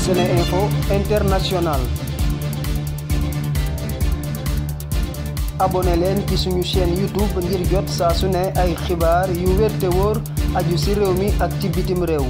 Sene Info International abonné leen ci suñu chaîne YouTube ngir jot saa su ne ay xibaar yu wér te wóor aju si réew mi ak ci bitim réew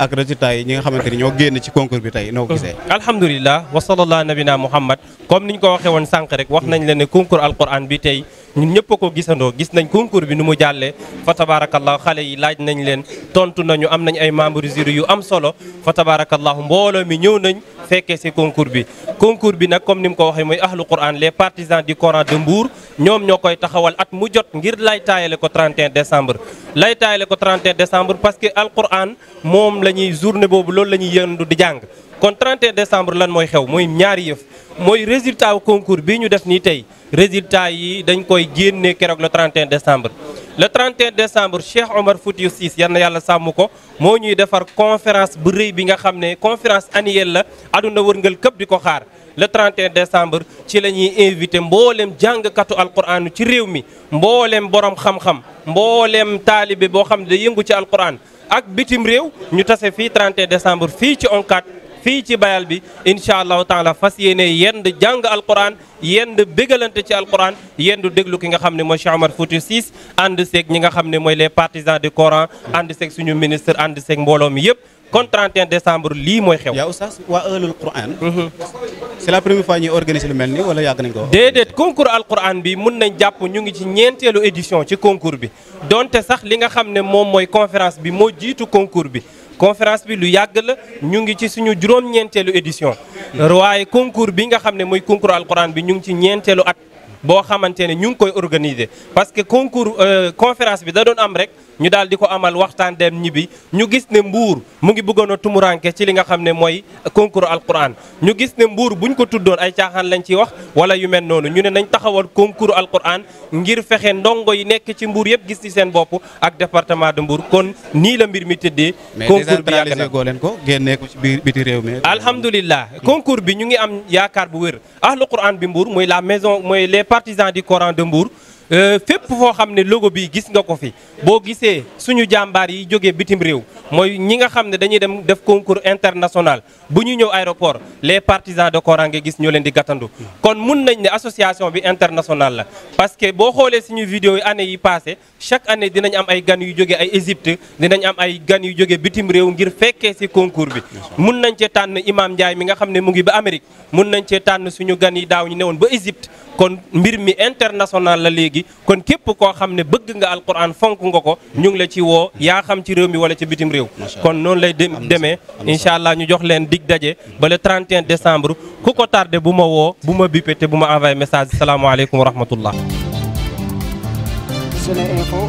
ak résultat yi ñi nga xamante ni ñoo génn ci concours bi tey noo gisee alhamdulilah wa sallallahu nabina muhammad comme niñ ko waxee woon sànq rek wax nañ leen ne concours alquran bi tey ñun ñëpp ko gisandoo gis nañ concours bi nu mu jàllee fa tabarakallahu xale yi laaj nañ leen tontu nañu am nañ ay membre jury yu am solo fa tabarakallahu mbooloo mi ñëw nañ fekkee si concours bi concours bi nag comme ni mu ko waxee mooy ahlu quran les partisans di Coran de Mbour ñoom ñoo koy taxawal at mu jot ngir lay taayale ko 31 décembre lay taayale ko 31 décembre parce que alquran moom la ñuy journée boobu loolu la ñuy yëndu di jàng kon 31 décembre lan mooy xew mooy ñaari yëf mooy résultat concours bi ñu def nii tey résultat yi dañ koy génne keroog le 31 décembre le 31 décembre Cheikh Omar Foutiou Cissé yal na yàlla sàmm ko moo ñuy defar conférence bu rëy bi nga xam ne conférence annuelle la àdduna wërngal këpp di ko xaar le 31 décembre ci la ñuy invité mboolem jàngkatu alquran ci réew mi mboolem borom xam-xam mboolem taalibe boo xam ne day yëngu ci alquran ak bitim réew ñu tase fii 31 décembre fii ci ONCAD. fii ci bayal bi incha allahu taala fas yéene yenn jàng al alquran yenn bégalante ci alquran yenn déglu ki nga xam ne mooy Cheikh Omar Fouti Cisse ànd seeg ñi nga xam ne mooy les partisans du Coran ànd seeg suñu ministre ànd seeg mbooloo mi yëpp kon 31 décembre lii mooy xew. yaa oustaz waa ëllëg Quran. Mhm. c'est la lu mel nii wala yàgg nañ ko. déedéet concours alquran bi mun nañ jàpp ñu ngi ci ñeenteelu édition ci concours bi donte sax li nga xam ne moom mooy conférence bi moo jiitu concours bi. conférence bi lu yàgg la ñu ngi ci suñu juróom-ñeenteelu édition waaye concours bi nga xam ne mooy concours alquran bi ñu ngi ci ñeenteelu at boo xamante ne ñu ngi koy organiser parce que concours euh, conférence bi da doon am rek ñu daal di ko amal waxtaan dem ñibbi ñu gis ne mbuur mu ngi bëggoon a tumuranke ci li nga xam ne mooy concours alquran ñu gis ne mbuur ñu ko tuddoon ay caaxaan lañ ciy wax wala yu mel noonu ñu ne nañ taxawal concours alquran ngir fexe ndongo yi nekk ci mbuur yëpp gis ci seen bopp ak département de mbuur kon nii la mbir mi tëddee. concours bi yàgg na goo leen ko génnee ko ci biir biti réew mi. alhamdulilah concours bi ñu ngi am yaakaar bu wér ahlu quran bi la maison mooy les partisans du Coran de Mbour euh, fépp foo xam ne logo bi gis nga ko fi boo gisee suñu jàmbaar yi jógee bitim réew mooy ñi nga xam ne dañuy dem def concours international bu ñu ñëw aéroport les partisans de Coran nga gis ñoo leen di gàttandu kon mun nañ ne association bi internationale la parce que boo xoolee suñu vidéo yi année yi passé chaque année dinañ am ay gan yu jógee ay Égypte dinañ am ay gan yu jógee bitim réew ngir fekkee ci concours bi mun nañ cee tànn Imam Ndiaye mi nga xam ne mu ngi ba mun nañ cee tànn suñu gan yi daaw ñu newoon ba Égypte kon mbir mi international la léegi kon képp koo xam ne bëgg nga alquran fonk nga ko ñu ngi la ci woo yaa xam ci réew mi wala ci bitim réew kon noonu lay dem demee incha allah ñu jox leen dig daje ba le 31 décembre ku ko tardé bu ma woo bu ma bippé te bu ma envoyé message salaamaaleykum wa rahmatullah Sene Info